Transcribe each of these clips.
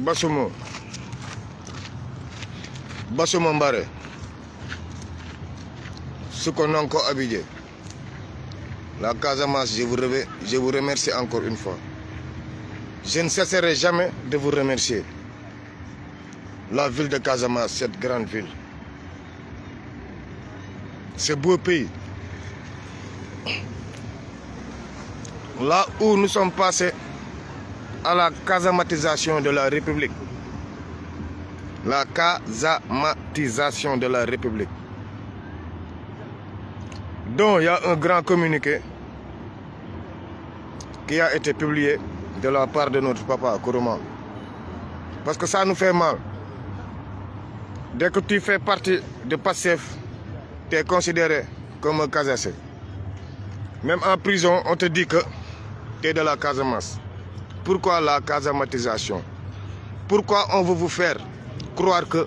Basuma Basuma Mbare Soukononko Abidjan la Casamance je vous remercie je vous remercie encore une fois je ne cesserai jamais de vous remercier la ville de Casamance cette grande ville ce beau pays là où nous sommes à la casamatisation de la République. La casamatisation de la République. Donc, il a un grand communiqué qui a été publié de la part de notre papa Kourouman. Parce que ça nous fait mal. Dès que tu fais de PASSEF, tu es considéré comme un casassé. Même en prison, on te dit que de la Casamance. Pourquoi la casamatisation Pourquoi on veut vous faire croire que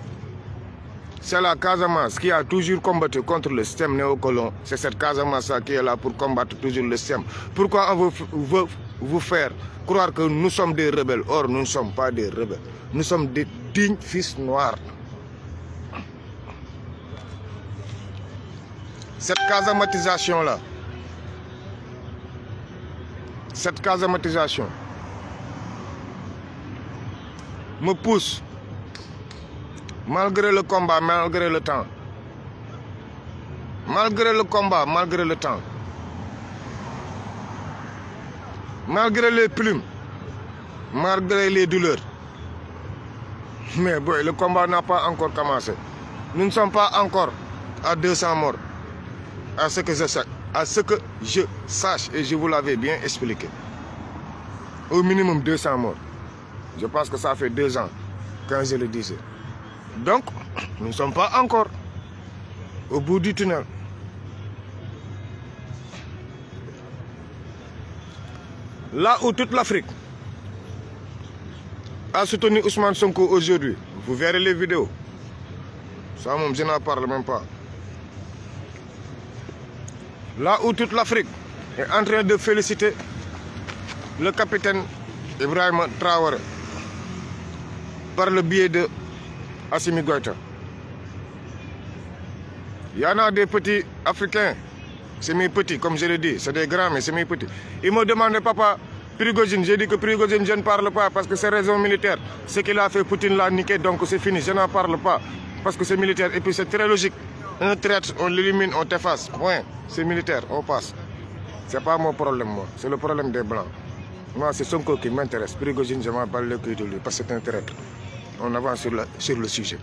c'est la Casamance qui a toujours combattu contre le système néocolon. C'est cette Casamance qui est là pour combattre le système. Pourquoi on veut, veut, vous faire croire que nous sommes des rebelles Or, nous ne sommes pas des rebelles. Nous sommes des dignes fils noirs. Cette casamatisation-là, cette casamatisation, me pousse malgré le combat malgré le temps malgré le combat malgré le temps malgré les plumes malgré les douleurs mais boy le combat n'a pas encore commencé nous ne sommes pas encore à 200 morts à ce que je sache à ce que je sache et je bien expliqué au minimum 200 morts Je pense que ça fait deux ans quand je le disais. Donc, nous ne sommes pas encore au bout du tunnel. Là où toute l'Afrique a soutenu Ousmane Sonko aujourd'hui, vous verrez les vidéos. Ça, je n'en parle même pas. Là où toute l'Afrique est en train de féliciter le capitaine Ibrahim Traoré. par le biais de Assimi Goïta. Il y en a des petits Africains, c'est mes comme je l'ai dit, c'est des grands, mais c'est mes me demandaient, papa, Prigogine, j'ai dit que Prigogine, je ne parle pas parce que c'est raison militaire. Ce qu'il a fait, Poutine l'a niqué, donc c'est fini, je n'en parle pas parce que c'est militaire. Et puis c'est très logique, un traître, on l'élimine, on t'efface, point, c'est militaire, on passe. C'est pas mon problème, moi, c'est le problème des Blancs. parce que c'est on avance la, sur le sujet.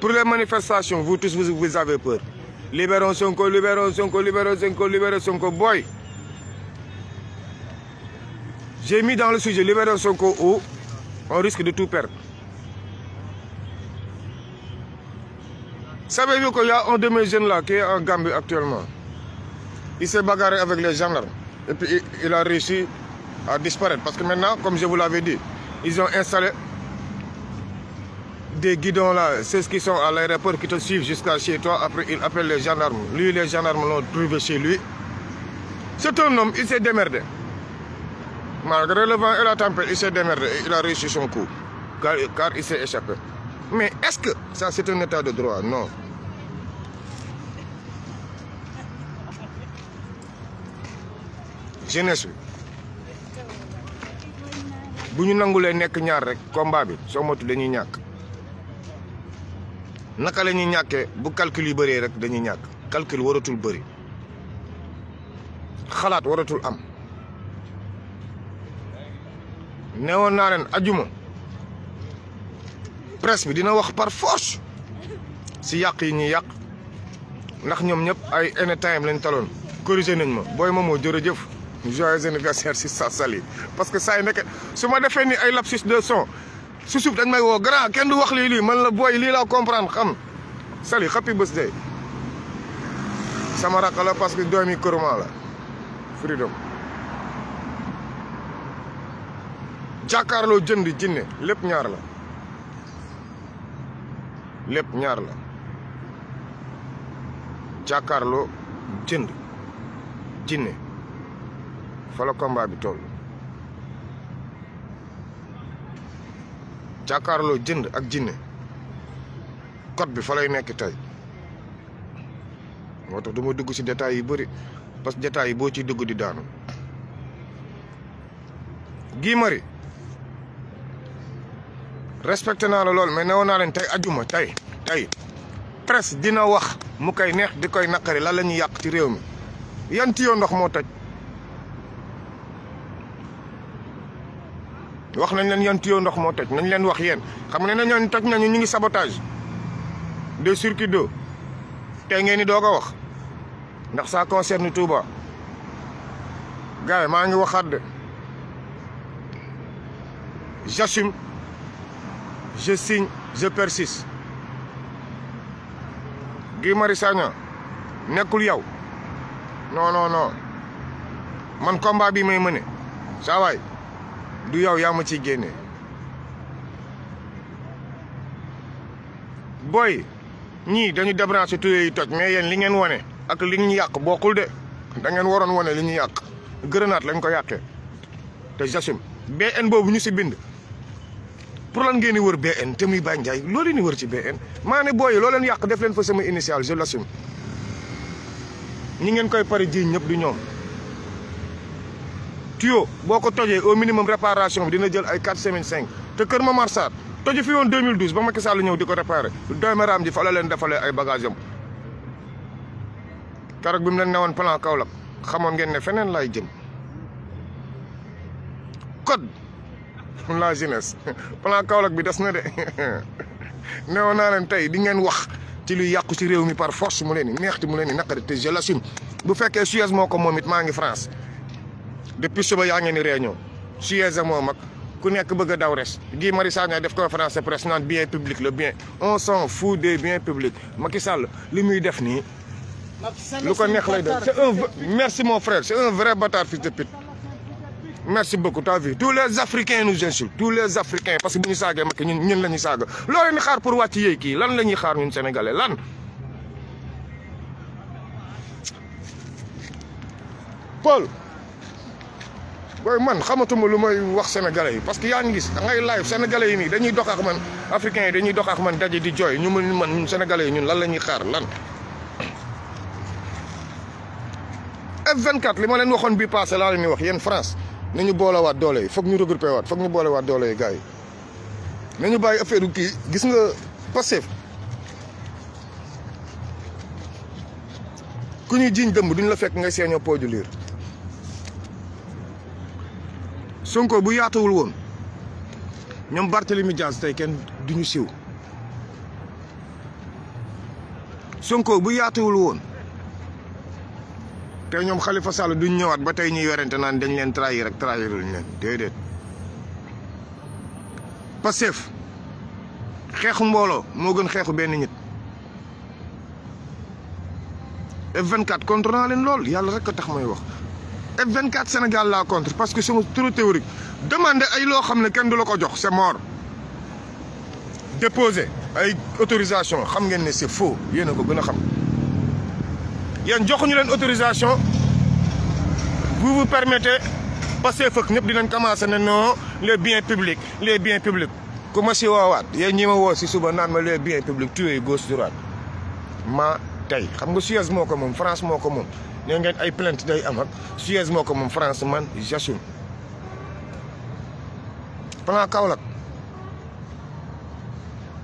Pour les manifestations, vous tous, vous, vous avez peur. Libérons Sonko, libérons Sonko, libérons Sonko, libérons Sonko, boy. J'ai mis dans le sujet, libérons Sonko, ou on risque de tout perdre. Savez-vous qu'il y a un de mes jeunes là qui est en Gambie actuellement Il s'est bagarré avec les gendarmes et puis il a réussi à disparaître. Parce que maintenant, comme je vous l'avais dit, Ils ont installé des guidons là, ceux qui sont à l'aéroport qui te suivent jusqu'à chez toi. Après, ils appellent les gendarmes. Lui, les gendarmes l'ont trouvé chez lui. C'est un homme, il s'est démerdé. Malgré le vent et la tempête, il s'est démerdé. Il a réussi son coup, car, car il s'est échappé. Mais est-ce que ça, c'est un état de droit Non. bu ñu nangulee nekk ñaar rek combat bi soo motu dañuy ñàkk naka la ñuy ñàkkee bu calcul yi bëree rek dañuy ñàkk calcul waratul bëri xalaat waratul am neewoon naa leen ajuma presse bi dina wax par force si yàq yi ñuy yàq ndax ñoom ñëpp ay any time lañ taloon corrigé nañ ma booy ma moo jërëjëf joyeux anniversaire si sa sali parce que saa yu nekk su ma defee ni ay lapsus de son su suuf dañ may woo grand kenn du wax lii lii mën la booy lii laa comprendre xam sali happy birthday sama rakk la parce que doomi Kourouma la freedom jàkkaarloo jënd jinne lépp ñaar la lépp ñaar la jàkkaarloo jënd jinne fa la combat bi toll jàkkaarloo jënd ak jinne code bi fa lay nekk tey moo tax du ma dugg ci détails yi bëri parce que détails yi boo ciy dugg di daanu Guy Marius respecté naa la lool mais newoon naa leen tey ajuma tey tey presse dina wax mu koy neex di koy naqari lan la ñuy yàq ci réew mi yan tiyo ndox moo toj wax nañ leen yan yoo ndox moo toj nañ leen wax yéen xam ne na ñoon toj nañu ñu ngi sabotage de circuit d'eau tey ngeen ni doo ko wax ndax ça concerne Touba gars yi maa ngi waxaat de j'assume je signe je persiste Guy Marius nekkul yow non non non man combat bi may mëne saa waay du yow yaa ma ciy génne booy ñii dañu débranché tuyaux yi toj mais yéen li ngeen wane ak li ñu yàq bokkul de da ngeen waroon wane li ñu yàq grenade lañ ko yàqee te j'assume BN boobu ñu si bind pour lan ngeen di wër BN te muy Baye Ndiaye loo wër ci BN maa ne booy loo leen yàq def leen fa sama initial je l'assume ñi ngeen koy pare ji ñëpp du ñoom tuyau boo ko tojee au minimum réparation bi dina jël ay 4 semaines cinq te Kër Momar Sarr toju fi woon 2012 ba Macky Sall ñëw di ko réparé doomeraam ji fa leen defalee ay bagage am keroog bi mu leen newoon plan Kaolack xamoon ngeen ne feneen laay jëm code la jeunesse plan Kaolack bi des na de newoon naa leen tey di ngeen wax ci luy yàqu ci réew mi par force mu leen di neexti mu leen di naqari te je bu fekkee Suez moo ko moom it maa ngi France depuis suba yaa ngeen ni réunion siège moo mag ku nekk bëgg a daw res Guy Marius Sagna def ko de presse naan bien public le bien on s'en fout des biens publics Macky sal li muy def nii lu ko neex lay def c'est un merci mon frère c'est un vrai bâtard fils de pute merci beaucoup tous les africains nous insultent tous les africains parce que bu ñu mak Macky ñun ñun la ñuy saaga loolu ni xaar pour wàcc yéey kii lan la ñuy xaar ñun sénégalais lan booy man xamatuma lu may wax sénégalais yi parce que yaa ngi gis da ngay live sénégalais yi nii dañuy dox ak man africains yi dañuy dox ak man daje di jooy ñu mën man ñun sénégalais yi ñun lan la ñuy xaar lan. F24 li ma leen waxoon bi passé laa leen di wax yéen France nañu boolewaat doole yi foog ñu regroupé waat foog ñu boolewaat doole yi gars yi nañu bàyyi affaire kii gis nga Pastef ku ñuy jiiñ dëmb duñ la fekk ngay seeñoo pooju liir Sonko bu yaatawul woon ñoom Barthélemy Diaz tey kenn duñu siiw Sonko bu yaatawul woon te ñoom Khalifa Sall duñ ñëwaat ba tey ñuy werante naan dañ leen trahir ak trahir luñ leen déedéet Pastef xeexu mbooloo moo gën xeexu benn nit F24 contre naa leen lool yàlla rek a tax may wax F24 Sénégal laa contre parce que c'est trop théorique demandé ay loo xam ne kenn du la ko jox se moor déposer ay autorisation xam ngeen ne c'est faux yéen a ko gën a xam yéen joxuñu leen autorisation vous vous permettez passer fëkk ñëpp dinañ commencé ne non les biens publics les bien publics ku ma si woowaat yéen ñi woo si suba naan ma les biens publics tué gauche droite ma tey xam nga Suez moo ko moom France moo ko moom nee ngeen ay plainte day am ak Suez moo ko moom France man j'assume plan Kaolack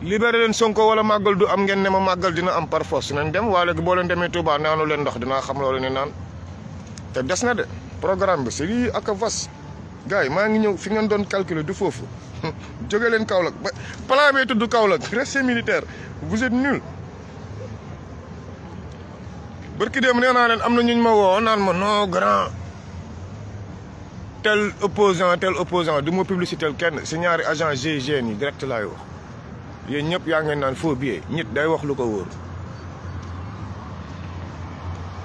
libéré leen Sonko wala màggal du am ngeen ne ma màggal dina am par force nañ dem waa léegi boo leen demee Touba naanu leen ndox dinaa xam loolu ne naan te des na de programme bi c'est lii ak vas gars yi maa ngi ñëw fi ngeen doon calculer du foofu jóge leen Kaolack ba plan bee tudd Kaolack reste militaire vous êtes barki dem nee naa leen am na ñuñ ma woo naan ma non grand tel opposant tel opposant du ma kenn si ñaari agent GIGN yi direct laay wax yéen ñëpp yaa ngeen naan foo billet nit day wax lu ko wóor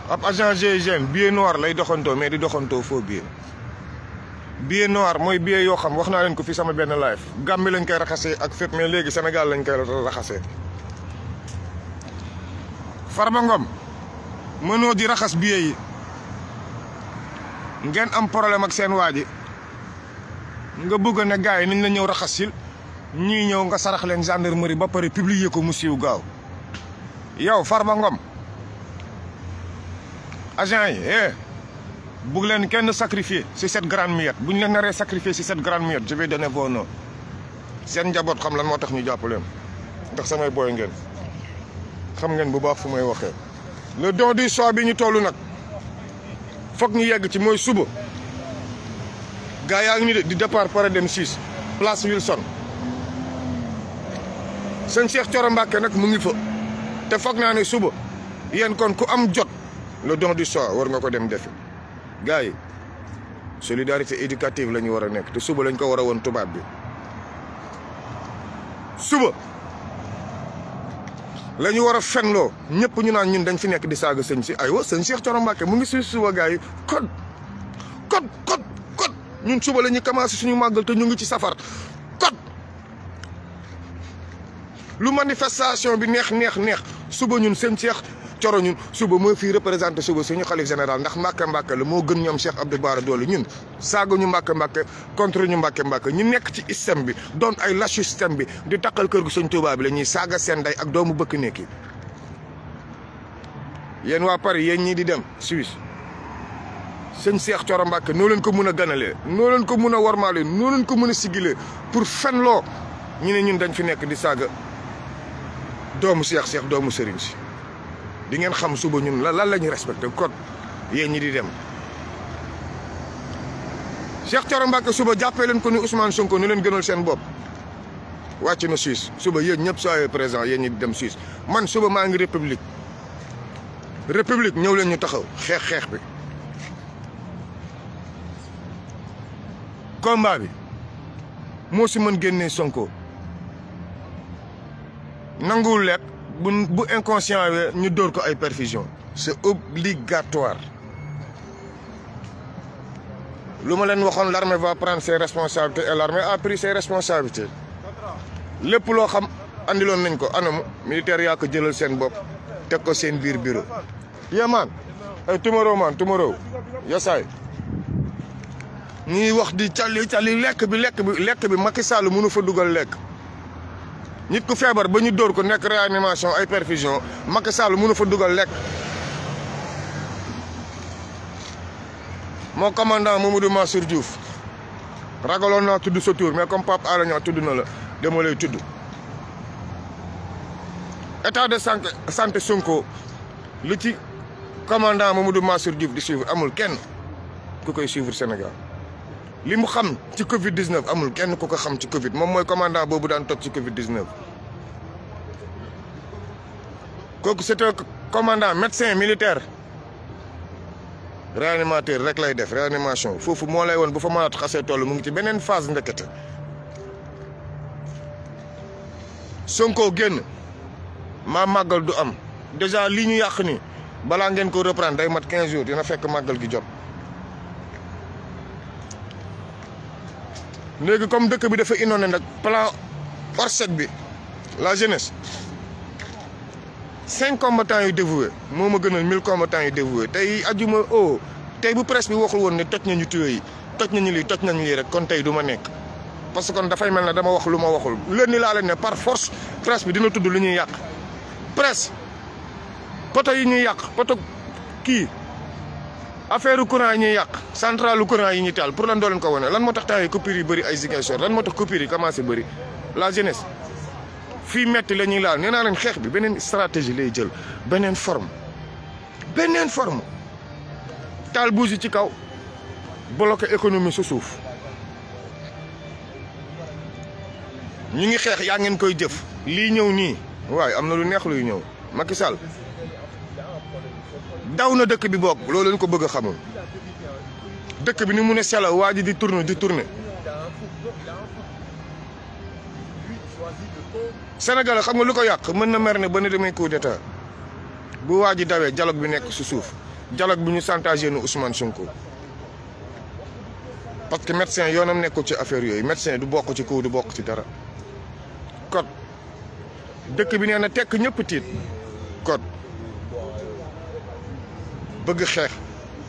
ab agent GIGN billet noir lay doxantoo mais di doxantoo foo billet billet noir mooy billet yoo xam wax naa leen ko fi sama benn live Gàmbi lañ koy raxasee ak fépp mais léegi senegal lañ koy raxasee Farba mënoo di raxas billet yi ngeen am problème ak seen waa ji nga bëgg ne gars yi nañ la ñëw raxasil ñuy ñëw nga sarax leen gendarmerie ba pare publier ko mu siiw gaaw yow Farba Ngom agent yi eh bugg leen kenn sacrifier ci cette grande miette buñu ñu leen naree sacrifier ci cette grande miette je vais donner vos seen njaboot xam lan moo tax ñu jàpp leen ndax samay booy ngeen xam ngeen bu fu may waxee. le don di soir bi ñu toll nag foog ñu yegg ci mooy suba gaa yaa ngi ni di départ pare dem 6 place Wilson sëñ Cheikh Thioro Mbacké nag mu ngi fa te foog naa ne suba yéen kon ku am jot le don di soir war nga ko dem defi gars yi solidarité éducative la ñu war a nekk te suba lañ ko war a woon tubaab bi suba la ñu war a fenloo ñëpp ñu naan ñun dañ fi nekk di saaga sëñ si aywa sëñ Cheikh Thioro Mbacké mu ngi suñu suba gars yi code code code code ñun suba la ñuy commencé suñu màggal te ñu ngi ci safar code lu manifestation bi neex neex neex suba ñun sëñ Cheikh coro ñun suba moo fii représenté suba suñu xalif général ndax Mbàkke Mbàkke la moo gën ñoom Cheikh Abdou Bara Dolly ñun saaga ñu Mbàkke Mbàkke contre ñu Mbàkke Mbàkke ñu nekk ci système bi doon ay lâche système bi di takkal kër gu Sëñ Tuubaa bi la ñuy saaga seen day ak doomu bëkk nekk yi yéen waa Paris yéen ñii di dem Suisse sëñ Seex Coro Mbàkke noo leen ko mun a ganalee noo leen ko mun a warmaale noo leen ko mun a sigilee pour fen loo ñu ne ñun dañ fi nekk di saaga doomu Seex Seex doomu sëriñ si di ngeen xam suba ñun lan lan la ñuy respecté code yéen ñi di dem. Cheikh Thioro Mbacké suba jàppee leen ko ni Ousmane Sonko ni leen gënal seen bopp wàcc na Suisse suba yéen ñëpp soyez présent yéen ñi di dem Suisse man suba maa ngi république république ñëw leen ñu taxaw xeex xeex bi. combat bi moo si mën génnee Sonko nanguwul lekk. bu bu inconscient ñu dóor ko ay perfusion c'est obligatoire lu ma leen waxoon l'armée va prendre ses responsabilités et l'armée a pris ses responsabilités lépp loo xam andiloon nañ ko anamu militaire yaa ko jëlal seen bopp teg ko seen biir bureau yee maan ay maan tomorrow yasaay ñuy wax di cali cali lekk bi lekk bi lekk bi Macky Sall mënu fa dugal lekk nit ku feebar ba ñu dóor ko nekk réanimation ay perfusion Macky Sall mënu fa dugal lekk moo commandant Mamadou Mansour Diouf ragaloon naa tudd sa tur mais comme Pape Alé Niang tudd na la dama tudd état de santé santé Sonko li ci commandant Mamadou Mansour Diouf di suivre amul kenn ku koy suivre Sénégal li mu xam ci Covid 19 amul kenn ku ko xam ci Covid moom mooy commandant boobu daan toog ci Covid 19. kooku c'est un commandant médecin militaire réanimateur rek lay def réanimation foofu moo lay woon bu fa malaat xasee toll mu ngi ci beneen phase ndekete Sonko génn maa màggal du am déjà li ñu yàq ni balaa ngeen ko reprendre day mat 15 jours dina fekk màggal gi jot. léegi comme dëkk bi dafa inondé nag plan ORSEC bi la jeunesse cinq combattants yu dévoué moo ma gënal mille combattants yu dévoué tey ajuma o oh, tey bu presse bi waxul woon ne toj nañu tuyaux yi toj nañu lii toj nañu lii rek kon tey du ma nekk parce que kon dafay mel ne dama wax lu ma waxul leen ni laa leen par force presse bi dina tudd lu ñuy yàq presse poto yi ñuy yàq poto kii affaire courant yi ñuy yàq centralu courant yi ñu taal pour lan doo leen ko wane lan moo tax temps yi coupure yi bëri ay Ziguinchor lan moo tax coupure yi commencé bëri la jeunesse fii metti la ñuy laal nee naa leen xeex bi beneen stratégie lay jël beneen form beneen form taal buus yi ci kaw bloqué économie su suuf ñu ngi xeex yaa ngeen koy jëf lii ñëw nii waaye am na lu neex luy ñëw Macky daw na dëkk bi bokk loolu lañ ko bëgg a xamoon dëkk bi nu mu ne selaw waa ji di turne di tourner senegal xam nga lu ko yàq mën na mer ne ba ne damay coup d'état bu waa ji dawee dialogue bi nekk si suuf dialogue bi ñu chantage nu Ousmane Sonko parce que médecin yoonam nekkul ci affaire yooyu médecin du bokk ci coup du bokk ci dara code dëkk bi nee na tekk ñëpp tiit code bëgg xeex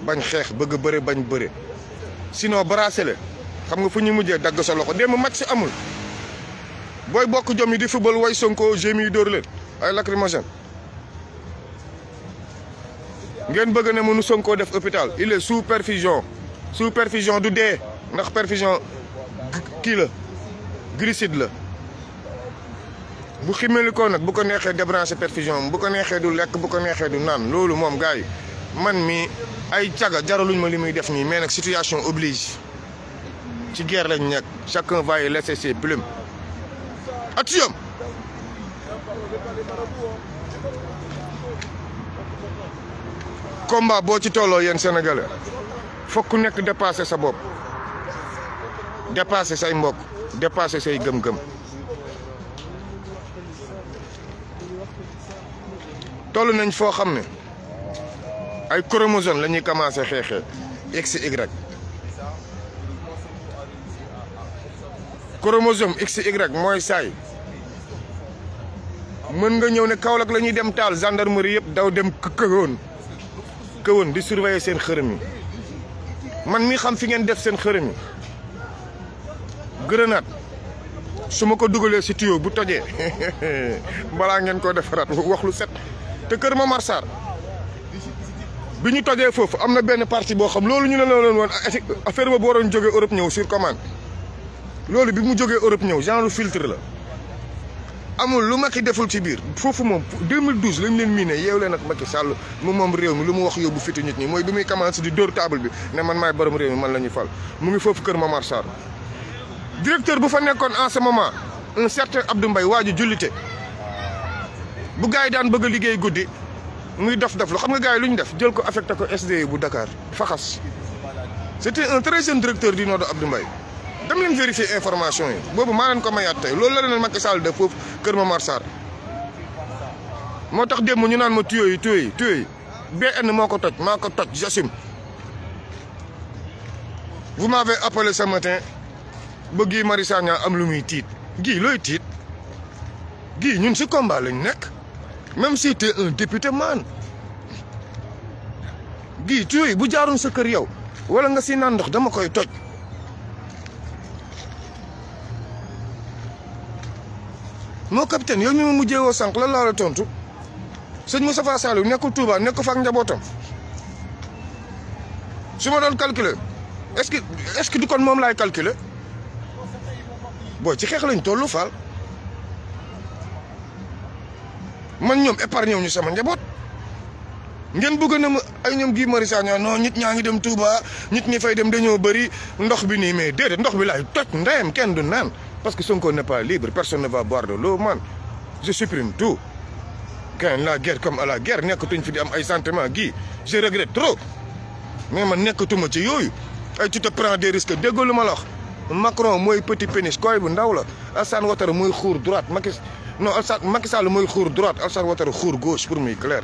bañ xeex bëgg bëre bañ bëre sinon bracelet xam nga fu ñu mujjee dagg sa loxo démb si amul booy bokk jom yi di football way Sonko gémi yi dóor leen ay lacrymogène ngeen bëgg ne mënu Sonko def hôpital il est sous perfusion sous perfusion du dee ndax perfusion kii la glucide la bu ko nag bu ko neexee débranché perfusion bu ko neexee du lekk bu ko neexee du naan loolu moom gars yi man mi ay caga jaraluñ ma li muy def nii mais nag situation oblige ci ger lañ nekk chacun va y laisser ses plumes atiyam combat boo ci tolloo yéen sénégalais fokk nekk dépassé sa bopp dépassé say mbokk dépassé say gëm-gëm toll nañ foo xam ne ay chromosome la ñuy commencé xeexee x y chromosome x y mooy saay mën nga ñëw ne Kaolack lañuy dem taal gendarmerie yëpp daw dem këwoon këwoon di surveiller seen xërëm yi man mi xam fi ngeen def seen xërëm yi grenade su ma ko dugalee si tuyau bu tojee balaa ngeen ko defaraat wax lu set te kër ma marsaar bi ñu tojee foofu am na benn parti boo xam loolu ñu ne la leen woon affaire boobu waroon jógee Europe ñëw sur commande loolu bi mu jógee Europe ñëw genre filtre la amul lu Macky deful ci biir foofu moom 2012 lañ leen miine yeew leen ak Macky Sall mu moom réew mi lu mu wax yóbbu fitu nit ñi mooy bi muy commencé di dóor table bi ne man maay borom réew mi man la fal mu ngi foofu kër Momar Sarr directeur bu fa nekkoon en ce moment un certain Abdou Mbaye waa ji jullite bu gars yi daan bëgg liggéey guddi muy dof dof lu xam nga gars yi lu ñu def jël ko affecté ko SDE bu dakaar faxas c' était un très jeune directeur du Nodo Abdou mbay dem leen vérifier information yi boobu maa leen ko mayaat tey loolu la leen Macky Sall def foofu Kër ma Sarr moo tax démb ñu naan ma tuyoo yi tuyoo yi tuyoo yi BN moo ko toj maa ko toj j'assume maa m'avez appelé ce matin ba Guy Marius am lu muy tiit Guy looy tiit gi ñun si combat lañ nekk même si t'es un député man gii tuyau bu jaaroon sa kër yow wala nga si naan ndox dama koy toj moo capitaine yow mi ma mujjee woo sànq lan laa la tontu sëñ mu Saliou nekkul Touba nekkul fa ak njabootam su ma doon calculer est-ce que du kon moom laay calculer booy ci xeex lañ tollu faal. man ñoom épargne ñu sama njaboot ngeen bëgg na ma ay ñoom Guy Marius Sagna non nit ñaa ngi dem Touba nit ñi fay dem dañoo bëri ndox bi nii mais déedéet ndox bi laay toj ndeyam kenn du naan parce que Sonko n'est pas libre personne ne va boire de l'eau man je supprime tout quand la guerre comme à la guerre nekkatuñ fi di am ay sentiment gii je regrette trop mais man nekkatuma ci yooyu ay tu te prends des risques déggalu ma la Macron mooy petit pénis koy bu ndaw la Assane Ouattara mooy xuur droite non Alassane Macky Sall mooy xuur droite Alassane Ouattara xuur gauche pour muy clair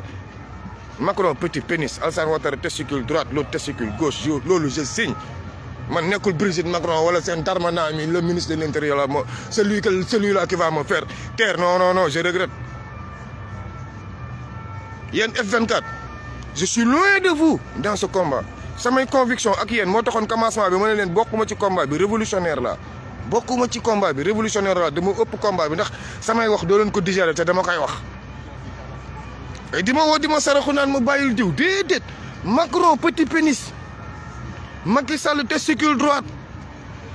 Macron petit pénis Alassane Ouattara testicule droite l'autre testicule gauche yo loolu je signe man nekkul Brigitte Macron wala seen Darmanin mi le ministre de l'intérieur la moo celui que celui là qui va me faire taire non non non je regrette yéen je suis loin de vous dans ce combat samay conviction ak yéen moo taxoon commencement bi ma ne leen bokkuma ci combat bi révolutionnaire la bokkuma ci combat bi révolutionnaire la dama ëpp combat bi ndax samay wax doo leen ko digérer te dama koy wax. et di ma di ma saraxu naan ma bàyyil diw déedéet Macron petit pénis Macky Sall testicule droite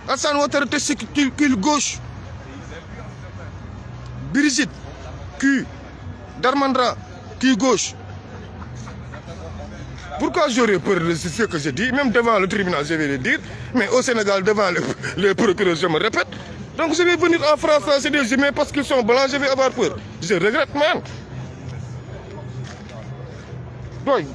Alassane Ouattara testicule gauche Brigitte cul Darmandra cul gauche. Pourquoi j'aurais peur de ce que je dis Même devant le tribunal, je vais le dire. Mais au Sénégal, devant le, le procureur, je me répète. Donc je vais venir en France, c'est des humains parce qu'ils sont blancs, je vais avoir peur. Je regrette, man. Donc,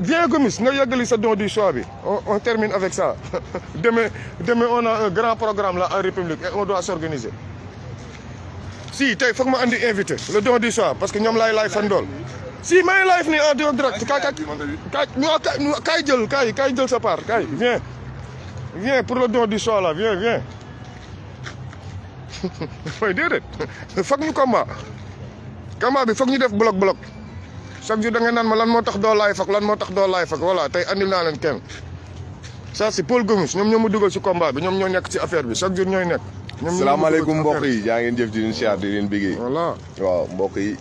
viens Gomis, nga yàggali sa don du choix bi on termine avec ça demain demain on a un grand programme là en République et on doit s'organiser si tey foog ma andi invité le don du choix parce que ñoom laay laay fandool si maa ngi live nii en direct kaay kaay kaay jël kaay sa part kaay viens viens pour le don du soir là viens viens mooy déedéet foog ñu combat combat bi foog ñu def bloc bloc chaque jour da nga naan ma lan moo tax doo live ak lan moo tax doo live ak voilà tey andil naa leen kenn ça c'est Paul Gomis ñoom ñoo ma dugal ci combat bi ñoom ñoo nekk ci affaire bi chaque jour ñooy nekk. ñoom ñoo ma dugal ci bi salaamaaleykum mbokk yi jaa ngeen jëf di leen siyaar di leen bégee. voilà mbokk yi.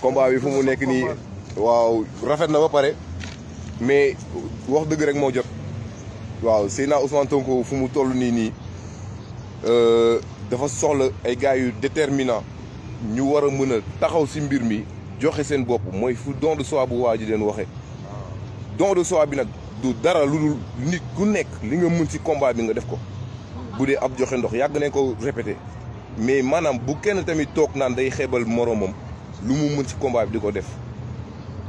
combat bi fu mu nekk nii waaw rafet na ba pare mais wax dëgg rek moo jot waaw Seydina Ousmane Sonko fu mu toll nii nii euh, dafa soxla ay gars yu déterminant ñu war a mën a taxaw si mbir mi joxe seen bopp mooy fu don de soi bu waa ji leen waxee don de soi bi nag du dara lu dul nit ku nekk li nga mën si combat bi nga def ko bu dee ab joxe ndox yàgg nañ ko répété mais maanaam bu kenn tamit toog naan day xeebal moroomam lu mu mën ci combat bi di ko def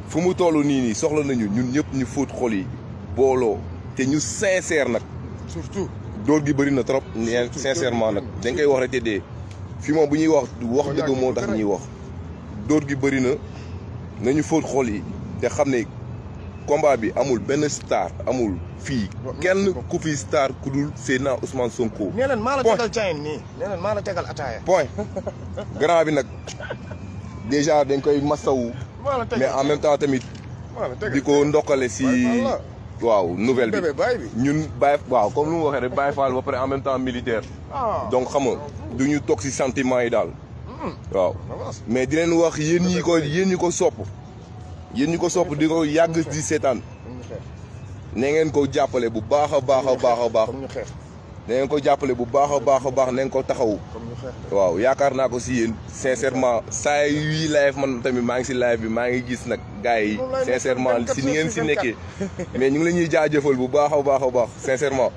fu mu toll nii nii soxla nañu ñun ñëpp ñu fóot xol yi booloo te ñu sincère nag. surtout dóor gi bëri na trop. sincèrement nag dañ koy wax rek te dee fi moom bu ñuy wax wax dëgg moo tax ñuy wax. dóor gi bëri na ñu fóot xol yi te xam ne combat bi amul benn star amul fii kenn ku fi star ku dul Seydina Ousmane Sonko. point nee leen maa la tegal cayen nii nee leen maa la bi nag. déjà dañ koy masawu. mais en même temps tamit. di ko ndokkale si. waaw nouvelle bi ñun Baye waaw comme lu mu waxee rek Baye Fall ba pare en même temps militaire. Ah. donc xam du ñu toog si sentiment yi daal. Hmm. waaw mais di leen wax yéen ñi ko yéen ñi ko sopp. yéen ñi ko sopp di ko yàgg di seetaan. na ngeen ko jàppale bu baax a baax a baax a baax. na ko jàppale bu baax a baax a baax na ngeen ko taxawu. waaw yaakaar naa ko si yéen sincèrement saa yuy live man tamit maa ngi si live bi maa ngi gis nag gars yi sincèrement si ni ngeen si nekkee mais ñu ngi la ñuy jaajëfal bu baax a baax a baax sincèrement.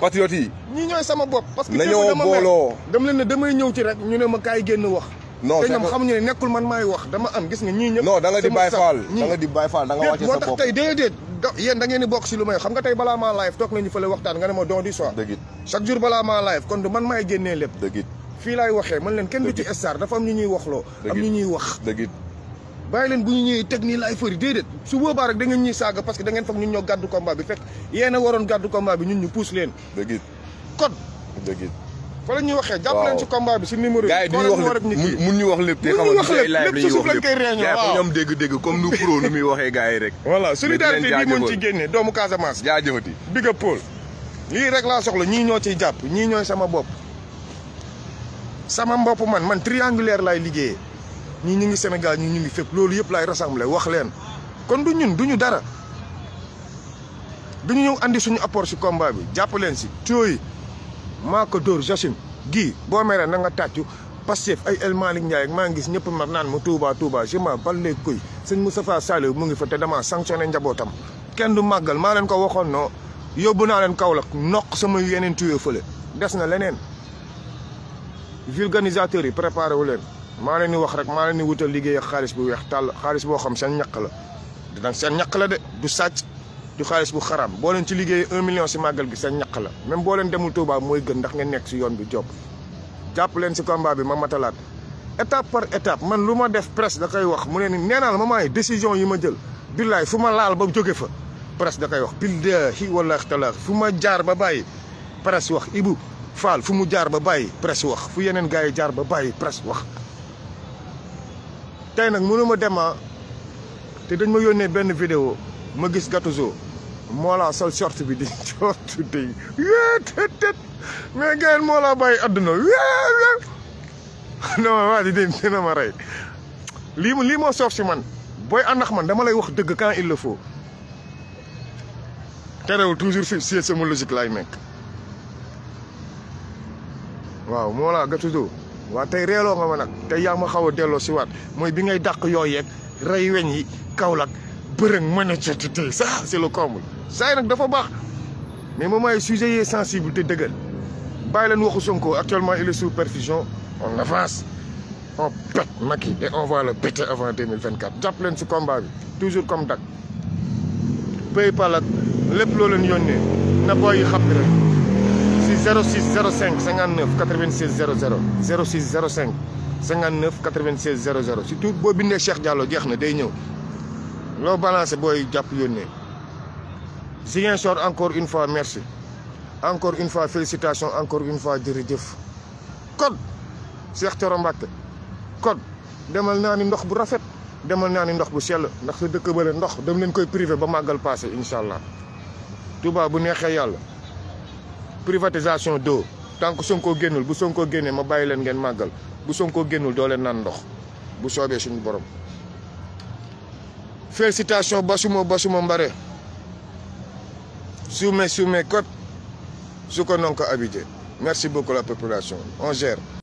patriote yi. ñi sama bopp. parce que nañoo booloo dama leen ne damay ñëw ci rek ñu ne ma kaay génn wax. no te ñoom xamuñu ne nekkul man maay wax dama am gis nga ñii ñëpp. non da nga di bàyyi faal da nga di bàyyi faal da nga wàcce bopp tey déedéet donc yéen da ngeen di bokk si lu may xam nga tey balaa maa live toog nañu fële waxtaan nga ne ma don du soir dëgg chaque jour balaa maa live kon du man maay génnee lépp dëgg fii laay waxee man leen kenn du star dafa am ñu ñuy waxloo am ñu ñuy wax dëgg bàyyi leen bu ñu ñëwee teg nii laay fëri déedéet su boobaa rek da ngeen saaga parce que da ngeen foog ñun ñoo gàddu combat bi fekk yéen waroon gàddu combat bi ñun ñu pousse leen dëgg fa la waxee jàpp leen ci combat bi si numéro bi mun ñu wax lépp te wax lépp ci suuf lañ koy réunion waaw comme nu pro nu muy waxee gars yi rek voilà solidarité bi mën ci génne doomu Casamance jaajëfati big up Paul lii rek laa soxla ñii ñoo ciy jàpp ñii ñooy sama bopp sama mbopp man man triangulaire laay liggéeyee ñii ñu ngi Sénégal ñu ñu ngi fépp loolu yëpp laay rassemblé wax leen kon du ñun du ñu dara du ñu ñëw andi suñu apport si combat bi jàpp leen si tuyaux yi maa ko dóor Jachim gii boo meree na nga tàccu Pastef ay El Malick Ndiaye ak maa ngi gis ñëpp mar naan mu Touba Touba je m'en bats les couilles sëñ Moustapha mu ngi fa te damaa sanctionné njabootam kenn du màggal maa leen ko waxoon noo yóbbu naa leen Kaolack noq sama yeneen tuyoo fële des na leneen vulganisateurs yi préparé wu leen maa leen di wax rek maa leen di wutal liggéey ak xaalis bu weex tàll xaalis boo xam seen ñaq la dinañ seen ñaq la de du sàcc du xaalis bu xaram boo leen ci liggéey un million si màggal gi seen ñaq la même boo leen demul Touba mooy gën ndax ngeen nekk si yoon bi job jàpp leen si combat bi ma matalaat étape par étape man lu ma def presse da koy wax mu ne ni nee ma la moment yi décision yi ma jël billaay fu ma laal ba jóge fa presse da wax wax billahi wallahi taala fu ma jaar ba bàyyi presse wax ibu Fall fu mu jaar ba bàyyi presse wax fu yeneen gars yi jaar ba bàyyi presse wax tey nag mënu ma dema ah, te dañ ma yónnee benn vidéo ma gis Gattuso laa sol short bi di jotu tey tët tët mais gars yi Mollah bàyyi adduna non waa ji dina ma rey lii lii moo soof si man booy àndax man dama lay wax dëgg quand il le faut terewul toujours fi si sama logique laay nekk waaw Mollah Gatouzo waa tey reeloo nga ma nag tey yaa ma xaw a delloo si waat mooy bi ngay dàq yooyeeg rey weñ yi Kaolack bërëng mën a jot tey ça c'est le comble saa yi nag dafa baax mais moom ay sujet yi sensible te dëggal bàyyi leen waxu Sonko actuellement il est sous perfusion on avance on pète Macky et on va le péter avant jàpp leen si combat bi toujours comme dak Paypal ak lépp loo leen yónnee na yi xam ne rek si 06 05 59 96 00 06 05 59 si 00 surtout boo bindee Cheikh Diallo jeex na day ñëw loo balancé booy jàpp yónnee Ziguinchor encore une fois merci encore une fois félicitations encore une fois jërëjëf kon Cheikh Thioro Mbacké kon demal naa ni ndox bu rafet demal naa ni ndox bu sell ndax sa dëkk bële ndox dem leen koy privé ba màggal passé incha allah Touba bu neexee yàlla privatisation d'eau tant sun koo génnul bu koo génnee ma bàyyi leen ngeen màggal bu Sonko génnul doo leen naan ndox bu soobee suñu borom félicitations basumo basumo mbare sume sume kot suko non ko merci beaucoup la population on gère